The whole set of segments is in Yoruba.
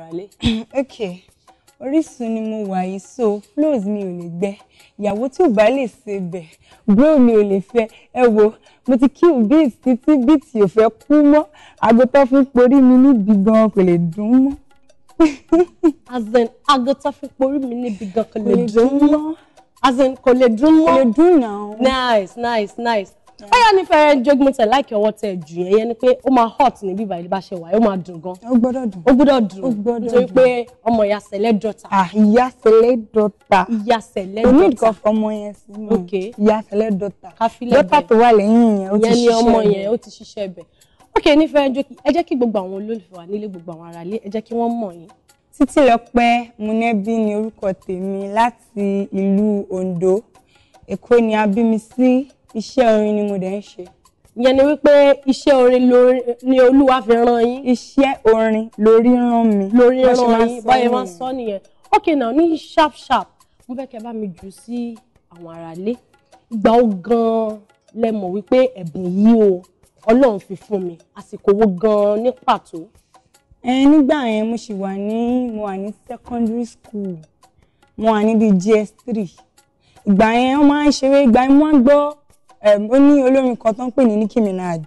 ìràlẹ̀. ok Orísun ni mo wà yìí so close mi ò lè gbẹ ìyàwó tí ò bá lè ṣe bẹ bro mi ò lè fẹ́ ẹ wo mo ti kí beat títí beat ò fẹ́ kú mọ́ agbótọ́ fún porí mi níbi gan kò lè dùn mọ́. as in agbótọ́ fún porí mi níbi gan kò lè dùn mọ́ as in kò lè dùn mọ́ kò lè dùn náà. nice nice nice fáyà ní fẹ́rẹ́ jogun tẹ̀ láìkí ọwọ́ tẹ̀ jù yẹn yẹn ni pé ó máa hot ní bíbá ìlú bá ṣe wà ó máa dùn gan. ó gbọ́dọ̀ dùn ó gbọ́dọ̀ dùn ó gbọ́dọ̀ dùn nítorí pé ọmọ ìyá sẹ̀lẹ̀ dọ̀tà. Ah, ìyá sẹ̀lẹ̀ dọ̀tà ìyá sẹ̀lẹ̀ dọ̀tà kò ní nǹkan fọmọ yẹn sínú ìyá sẹ̀lẹ̀ dọ̀tà dọ̀tà tó wà lẹ́yìn yẹn ó ti ṣiṣẹ́ ọmọ yẹn ó ti ṣiṣẹ́ bẹ̀. ok ni orúkọ tèmi láti ìlú Ondo Èkó ni a iṣẹ́ orin ni mo dẹ̀ ń ṣe. ìyẹn ni wípé iṣẹ́ orin ni olúwa fi rán yín. iṣẹ́ orin lórí rán mi. lórí rán yín báyìí máa ń sọ nìyẹn. ok now ní sharp sharp mo fẹ́ kẹ́ bá mi jù sí àwọn aráalé ìgbà ó gan-an lẹ mọ̀ wípé ẹ̀bùn yìí o ọlọ́run fi fún mi àsìkò wo gan-an ní pàtó. ẹ nígbà yẹn mo sì wà ní mo wà ní secondary school mo wà níbi js three ìgbà yẹn wọ́n máa ń ṣeré ìgbà yẹn wọ́n gbọ́ ó ní olórin kan tó ń pè ní Nicki Minaj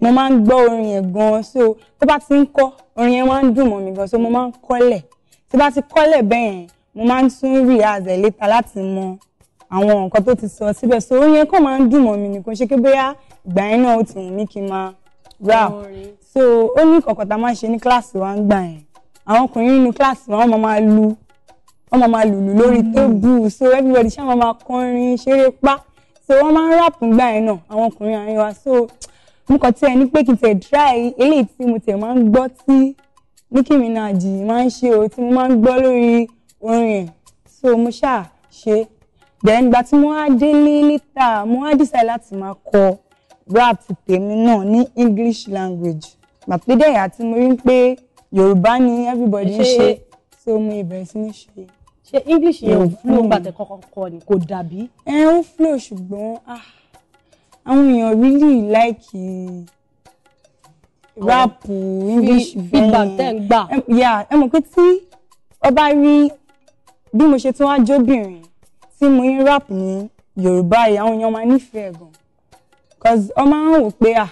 mo máa ń gbọ́ orin yẹn gan so tó bá ti ń kọ orin yẹn máa ń dùn mọ́ mi gan so mo máa ń kọ́lẹ̀ tó bá ti kọ́lẹ̀ bẹ́ẹ̀ yẹn mo máa ń tún rí àzẹ̀ létà láti mọ àwọn nǹkan tó ti sọ síbẹ̀ so orin yẹn kàn máa ń dùn mọ́ mi nìkan ṣe pé bóyá ìgbà yẹn náà ó ti wù mí kí n máa rap so ó ní kọ̀kọ̀ tá a máa ń ṣe ní kíláàsì wa ń gbà yẹn àwọn ọkùnrin nínú kíláàsì wa wọ́n máa máa lu wọ́n máa máa lùlù lórí mm. tébù so everybody ṣáà máa máa kọrin ṣeré pa so wọ́n máa ń rap ńgbà yẹn náà àwọn ọkùnrin àárín wa so mo kàn tiẹ̀ ní pé kí n tiẹ̀ dry eléyìí tí mo tiẹ̀ máa ń gbọ́ tí Nicki Minaj máa ń ṣe o tí mo máa ń gbọ́ lórí orin yẹn so mo ṣáà ṣe then ìgbà tí mo wá dé ní lítà mo wá decide láti máa kọ rap tèmi náà ní English language màpédèyà tí mo rí pé Yorùbá ni everybody ń ṣe so mo ìbẹ̀rẹ̀ sí ní ṣe ṣe english yẹn ò flow gbàtẹ kọ́kọ́ kọ́ ni kò dàbí. ẹ ó flow ṣùgbọ́n ah, àwọn èèyàn really like eh, rap english bẹ́ẹ̀ feedback tẹ́ ń gbà. Eh, ẹ mọ̀ pé tí ọ bá rí bí mo ṣe tún wá jóbìnrin tí mo ń rap ní yorùbá yìí àwọn èèyàn máa nífẹ̀ẹ́ gan cause ọ máa ń wò pé ah,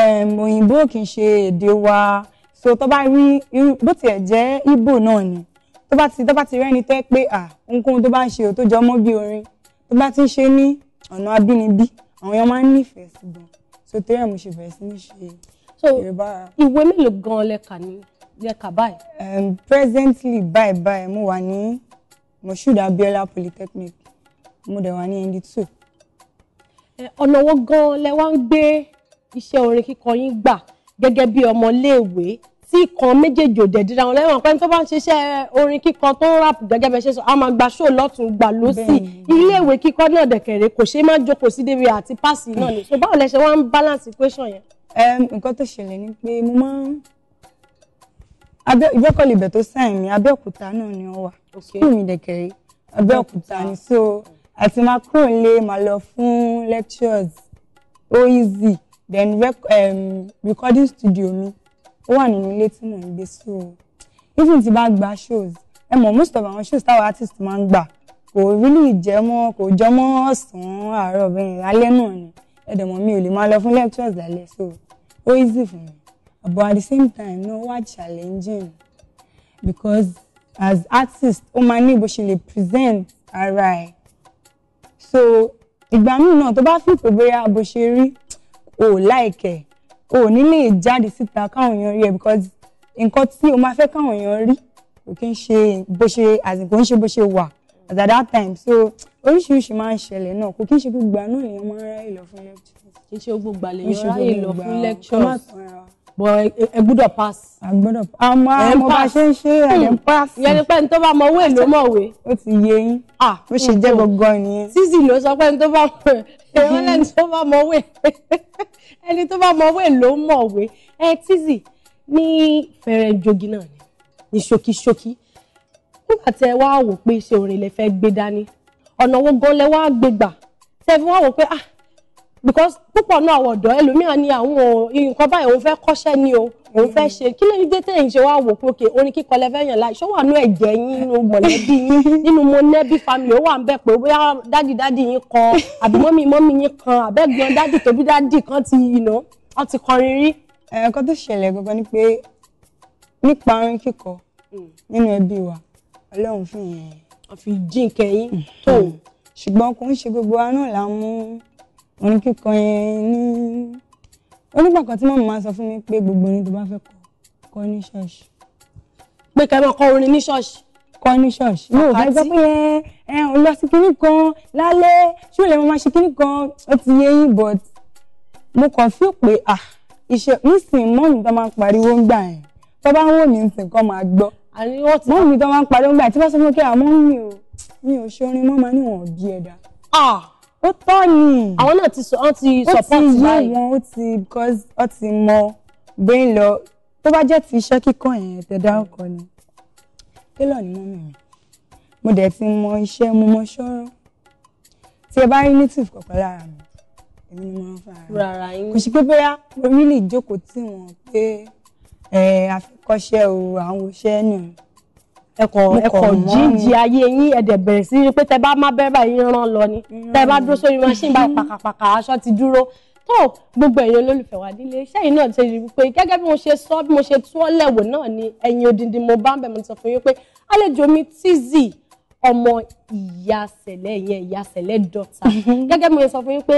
ehm, òyìnbó kì í ṣe èdè wa so tó bá rí bó tiẹ̀ jẹ́ Igbo náà ni tó bá ti tó bá ti rẹ́ni tẹ́ pé à ohunkóhun tó bá ń ṣe ò tó jọ mọ́ bí orin tó bá ti ń ṣe ní ọ̀nà abínibí àwọn èèyàn máa ń nífẹ̀ẹ́ sí gan so torí ẹ̀ mo ṣe bẹ̀rẹ̀ sí ní ṣe Yorùbá. ìwé mélòó gan lẹ́ka ní lẹ́ka báyìí. presently bye bye, mo wà ní Moshood Abiola Polytechnic mo dẹ̀ wà ní nd two. ọ̀nà wo gan lẹ wá ń gbé iṣẹ́ orin kíkọ yín gbà gẹ́gẹ́ bí ọmọléèwé kíkan méjèèjì òdẹ̀ díra wọn lẹ́wọ̀n pẹ́ni tó bá ń ṣiṣẹ́ orin kíkan tó ń ráàpù gẹ́gẹ́ bẹ́ẹ̀ ṣe sọ a máa gba ṣó lọ́tún gbà lọ́sì ilé ìwé kíkọ́ náà dẹ̀kẹ̀rẹ̀ kò ṣe é jókòó sí débi àti páàsì náà ni so báwo lẹ ṣe wá ń balance equation yẹn. nǹkan tó ṣẹlẹ̀ ni pé mo máa ń ìgbẹ́kọ̀lé ibẹ̀ tó sàn mí Abẹ́òkúta náà ni wọ́n wà skul mi dẹ̀kẹ̀rẹ̀ Abẹ́òkúta ni so àti máa kúrò nílé máa lọ fún lectures ó easy then rec um, recording studio mi ó wà nínú ilé tí mò ń gbé so even tí bá gba shows ẹ mọ̀ most of àwọn shows táwọn artist máa ń gbà kò really jẹ́ mọ́ kò jọ mọ́ ọ̀sán àárọ̀ bẹ́ẹ̀ alẹ́ náà ni ẹ̀dẹ̀mọ̀ mi ò lè máa lọ fún lectures lálẹ́ so ó easy fún mi but at the same time no, wá challenging because as artist ó máa ní bó ṣe lè present ara ẹ̀ so ìgbà míì náà tó bá fi pé bóyá bó ṣe rí ò láìkẹ̀ o ò ní lè jáde síta káwọn èèyàn rí ẹ because nǹkan tí o máa fẹ́ káwọn èèyàn rí kò kí ń ṣe bó ṣe àsìkò ń ṣe bó ṣe wà at that time so oríṣiríṣi máa ń ṣẹlẹ̀ náà kò kí ń ṣe gbogbo àná èèyàn máa ń ráyè lọ fún lectures. kì í ṣe gbogbo àlè yọ ráyè lọ fún lectures bọ̀ ẹ gbọ́dọ̀ pass. a gbọ́dọ̀ àmọ́ àmọ́ bá ṣe ń ṣe ẹ̀ ń hmm. pass. ìyẹn ni pé ní tó bá mọ owó èlò mọ̀wé. ó ti yé yín ah, bó ṣe jẹ́ gbọ̀ngàn nìyẹn. sísì ló sọ pé ní tó bá mọ èèyàn lẹ́ni tó bá mọ owó ẹni tó bá mọ owó èlò mọ̀wé. ẹ tíìsì ní fẹ̀rẹ̀ jogi náà ni ní ṣókíṣókí nígbà tẹ wá wò pé ṣé orin lè fẹ́ gbé dání ọ̀nà owó gan lẹ wá gbégbà tẹ fi wá wò pé ah because púpọ̀ náà àwọn ọ̀dọ́ ẹlòmíràn ni àwọn nǹkan báyìí òun fẹ́ kọ́ṣẹ́ ni o òun fẹ́ ṣe kí lóyún dé tẹ̀yìn ṣe wá wò pé òkè orin kíkọ lẹ́fẹ̀yàn láì ṣó wà nú ẹ̀jẹ̀ yín nínú mọ̀lẹ́bí yín nínú mọ̀lẹ́bí family ó wà ń bẹ̀ pé bóyá dádì dádì yín kan àbí mọ́mì mọ́mì yín kan àbẹ́gbọ́n dádì tóbi dádì kan ti yìnà wọ́n ti kọrin rí. ẹ̀kọ́ tó ṣẹlẹ̀ gangan ni pé nípa orin kíkọ hmm. nínú ẹbí wa ọlọ́run fi yẹn. àfi jíǹkẹ́ yín hmm. tó. Hmm. ṣùgbọ́n kò ń ṣe gbogbo wa náà là ń mú orin kíkọ yẹn ní onígbà kan tí màmá máa sọ fún mi pé gbogbo orin tó bá fẹ́ kọ kọ ní ṣọ́ọ̀ṣì. pé kẹ́ mọ́ kọ orin ní ṣọ́ọ̀ṣì. kọ ní ṣọ́ọ̀ṣì mi ò fẹ́ gbọ́ pé ẹ ẹ lọ sí kinní kan lálẹ́ ṣé ìlẹ̀ mo máa ṣe kinní kan ó ti yé yín but mo kàn fi pé ah iṣẹ́ nísìn mọ́mì tó máa ń pariwo ń gbà yẹn tó bá ń wò mí nsìn kan máa gbọ́ mọ́mì tó máa ń pariwo ń gbà yẹn tí wọ́n sọ fún mi pé àmọ́ ah, mi ò mi ò ṣorin mọ́ máa níwọ̀n bí ẹ̀dá. ah ó tọ́ ni. àwọn náà ti wọ́n ti support báyìí. ó ti yé wọn ó ti because ó ti mọ bẹ́ẹ̀ lọ tó bá jẹ́ ti iṣẹ́ kíkọ́ yẹn tẹ̀dá ọkọ ni tẹ́lọ̀ ni mọ́mì mi mo dẹ̀ ti mọ iṣẹ́ mo mọ ṣọ́rọ́ tí ẹ bá rí native kọ̀ọ̀kan lára mi èmi ni mo máa ń fara kò sí pé bóyá orílẹ̀ ìjókòó tí wọ́n pé àfikọ́ṣẹ́ o àwọn oṣẹ́ nìyẹn ẹkọ ẹkọ jíjí ayé yín ẹdẹ bẹ̀rẹ̀ sí rí pé tẹ bá má bẹ̀rẹ̀ báyìí rán lọ ni mm. tẹ bá dúró sórí machine báyìí pàkàpàkà aṣọ ti dúró tó gbogbo èèyàn olólùfẹ́ wa nílé iṣẹ́ yìí náà ṣe rí wípé gẹ́gẹ́ bí mo ṣe sọ bí mo ṣe tú ọ́ lẹ̀wò náà ni ẹ̀yin odindi mo bá ń bẹ̀ mo ti sọ fún yín pé àlejò mi Tizzy ọmọ ìyá sẹ̀lẹ̀ yẹn ìyá sẹ̀lẹ̀ dọ̀tà gẹ́gẹ́ mo sọ fún yín pé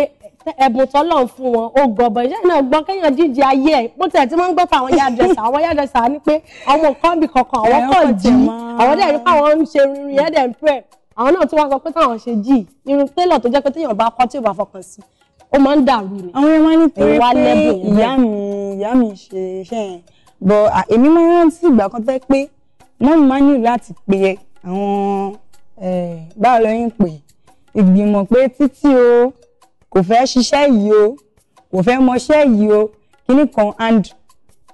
ẹ̀bùn tọ́lọ̀ ń fún wọn ó gbọ́bọ̀ iṣẹ́ náà gbọ́ kéèyàn díje ayé ẹ̀ bó tiẹ̀ tí wọ́n ń gbọ́ fún àwọn yá dẹ̀sà àwọn yá dẹ̀sà ni pé àwọn nǹkan bì kankan àwọn kàn jí àwọn dẹ̀ rí pé àwọn ń ṣe rinrin ẹ̀ dẹ̀ ń pẹ̀ àwọn náà tí wọ́n sọ pé táwọn ṣe jí irun télọ̀ tó jẹ́ pé téèyàn bá kọ́ tí ò bá fọkàn sí ó máa ń dàrú ni. àwọn yẹn máa ń nítorí pé ìyá mi ìyá mi ṣe iṣẹ́ yẹn bọ̀ èmi máa ń rántí ìgbà kan tẹ́ pé mọ́mí máa ń nílò láti pe àwọn Eh, báwo ló ń pè ìgbìmọ̀ pé títí o kò fẹ́ ṣiṣẹ́ yìí o kò fẹ́ mọṣẹ́ yìí o kíní kan and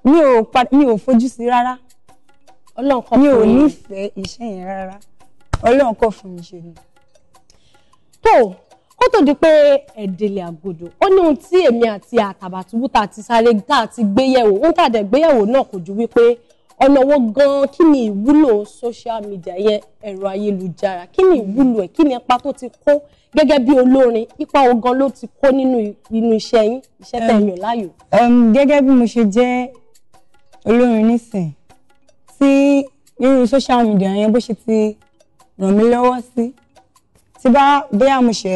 mi ò mi ò fojú sí rárá mi ò nífẹ̀ẹ́ iṣẹ́ yẹn rárá ọlọ́run kọ́ fún mi ṣe ni. tó kó tó di pé ẹ̀dẹ̀lẹ̀ àgọ́dọ̀ ó ní ohun tí èmi àti àtàbàtúbú ti sáré tá a ti gbéyẹ̀wò ohun tá a dẹ̀ gbéyẹ̀wò náà kò ju wípé ọ̀nà wo gan-an kí ni ìwúlò social media yẹn ẹ̀rọ ayélujára kí ni ìwúlò ẹ̀ kí ni ipa tó ti kó gẹ́gẹ́ bí olórin ipa wo gan ló ti kó nínú inú iṣẹ́ yín iṣẹ́ tẹ̀ yàn láàyò. gẹ́gẹ́ bí mo ṣe jẹ́ olórin nísìn tí irú social media yẹn bó ṣe ti ràn mí lọ́wọ́ sí tí bá bóyá mo ṣe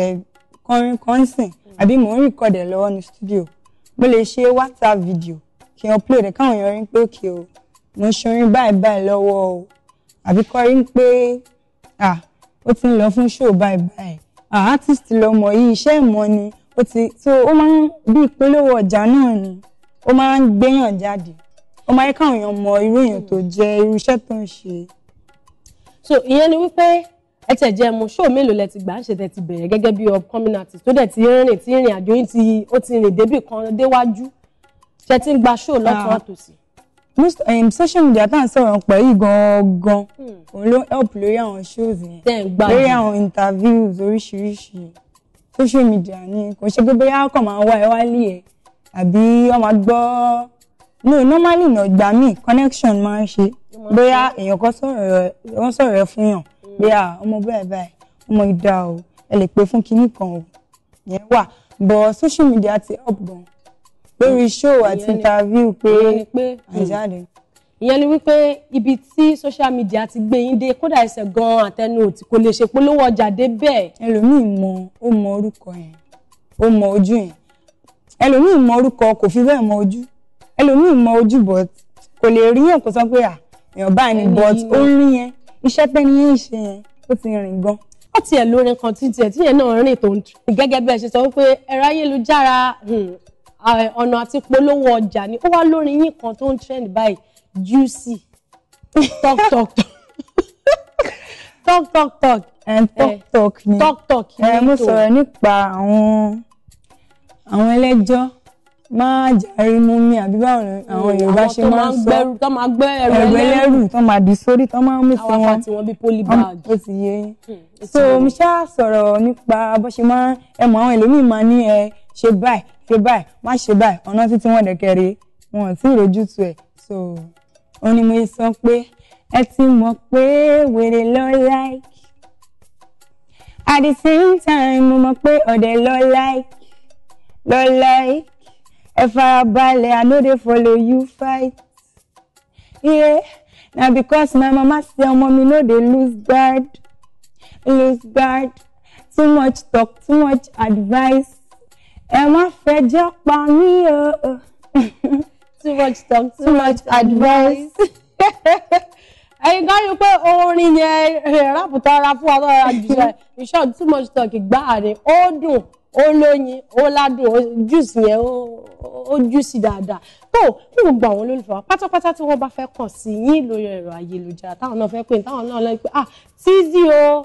kọrin kọ́ńsìn àbí mò ń rìkọ̀dẹ̀ lọ́wọ́ ní studio mo lè ṣe whatsapp video kí n upload ẹ̀ káwọn èèyàn rí pé òkè o. Okay, oh mo ṣorin báyìí báyìí lọ́wọ́ o àbí kọrí ń pé Ah, ó ti ń lọ fún ṣòó báyìí báyìí à artist lọmọ yìí iṣẹ́ ìmọ̀ ni ó ti tó ó máa ń bí ìpínlẹ̀wọ̀ ọjà náà ni ó máa ń gbéyàn jáde ó máa yẹ káwọn èèyàn mọ irú èèyàn tó jẹ́ irú iṣẹ́ tó ń ṣe. so ìyẹn ni wípé ẹ tẹ̀ jẹ́ mo ṣóò mélòó lẹ ti gbà ń ṣe tẹ̀ ti bẹ̀rẹ̀ gẹ́gẹ́ bí upcoming artist tó dẹ̀ ti rìn tí ìrìn àjò yín ti ó ti rìn débì kan déwájú ṣe ti ń gba ṣóò lọ́tún àtòsí most um, social media tá à ń sọ̀rọ̀ pẹ̀ yìí gan-an hmm. òun ló help lórí àwọn shows yẹn lórí àwọn interviews oríṣiríṣi social media ni kò ṣe pé bóyá ọkọ̀ máa wá ẹ wálé ẹ àbí ọmọ gbọ́ no normally nà gbà mí connection máa ń ṣe bóyá èèyàn kan sọ̀rọ̀ ẹ fún yàn hmm. bóyá ọmọ bẹ́ẹ̀ báyìí ọmọ ìdá o ẹ lè pè fún kinní kan o yẹn wà but social media ti help gan-an lórí hmm. show àti interview pé àjáde. Hmm. ìyẹn ni wípé ibi tí social media ti gbé yín dé kódà ẹsẹ̀ gan-an àtẹnu òtí kò lè ṣe polówó ọjà dé bẹ́ẹ̀. ẹlòmíì mọ ó mọ orúkọ yẹn ó mọ ojú yẹn ẹlòmíì mọ orúkọ kò fi bẹ́ẹ̀ mọ ojú ẹlòmíì mọ ojú but kò lè rí yẹn kó sọ pé à èèyàn báyìí ni but ó ń rí yẹn iṣẹ́ tẹ́ni yẹn ń ṣe yẹn ó ti rìn gan ó tiẹ̀ lórin kan tí tiẹ̀ tíyẹn náà rìn tó ń tù. gẹ́gẹ́ bí ṣe sọ pé ẹ̀rọ ayélujára hmm, Ah, ọ̀nà àti polówó ọjà ni ó wá lórí yín kan tó ń trend báyìí juicy talk talk talk talk talk talk eh, talk ni talk talk ni mo sọ̀rọ̀ nípa àwọn àwọn ẹlẹ́jọ́ máa jàre mú mi àbí báwọn àwọn Yorùbá ṣe máa ń sọ tó máa gbẹ ẹrù ẹlẹ́rù tó máa dì sórí tó máa ń mú sí wọn àwọn bíi polybag ó ti yé hmm, so mi ṣáà sọ̀rọ̀ nípa bó ṣe máa ẹ mọ àwọn ẹlòmíì máa ní ẹ ṣe báyìí ṣe báyìí má ṣe báyìí ọ̀nà títí wọn dẹ̀kẹ̀rẹ̀ wọn ò tí ì rojú ẹ̀ so òun ni sọ pé ẹ ti mọ̀ pé wèrè ló like at the same time mo mọ̀ pé ọ̀dẹ̀ ló like ló like ẹ farabalẹ̀ I no dey follow you fight yeah. na because my mama say ọmọ mi no dey lose guard lose guard too much talk too much advice ẹ má fẹjọ́ pa mí o. too much talk too, too much advice. ẹyin kan rí i pé orin yẹn eh, rápùtà ara fún wa lọ́wọ́ ra jùlọ in short too much talk gbáà ni ó dùn ó lóyin ó ládùn ó jùsì yẹn ó jùsì dáadáa tó fún gbogbo àwọn olólùfẹ́ wa pátápátá tí wọ́n bá fẹ́ kàn sí yín lórí ẹ̀rọ ayélujára táwọn náà fẹ́ pè táwọn náà lọ pé ah Tizzy o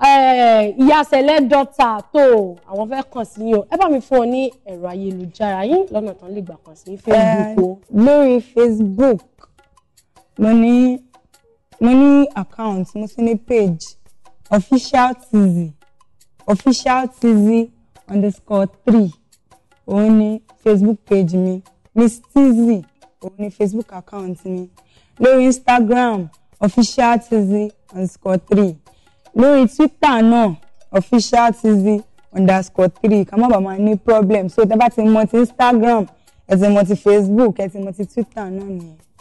Eh, ìyá sẹlẹ dọta tó àwọn fẹ́ kàn sí yín o ẹ bá mi fún ọ ní ẹ̀rọ ayélujára yín lọ́nà tán lè gbà kàn sí Facebook eh, o. lórí Facebook mo ní mo ní account mo sì ní page official tz official tz underscore three òun ni Facebook page mi miss Tizzy. òun ni Facebook account mi lórí Instagram official Tizzy underscore three lórí twitter náà officialtizzy underscore three ká má bàa máa ní problem so tẹ́ bá ti mọ ti instagram ẹ ti mọ ti facebook ẹ ti mọ ti twitter náà nìyẹn.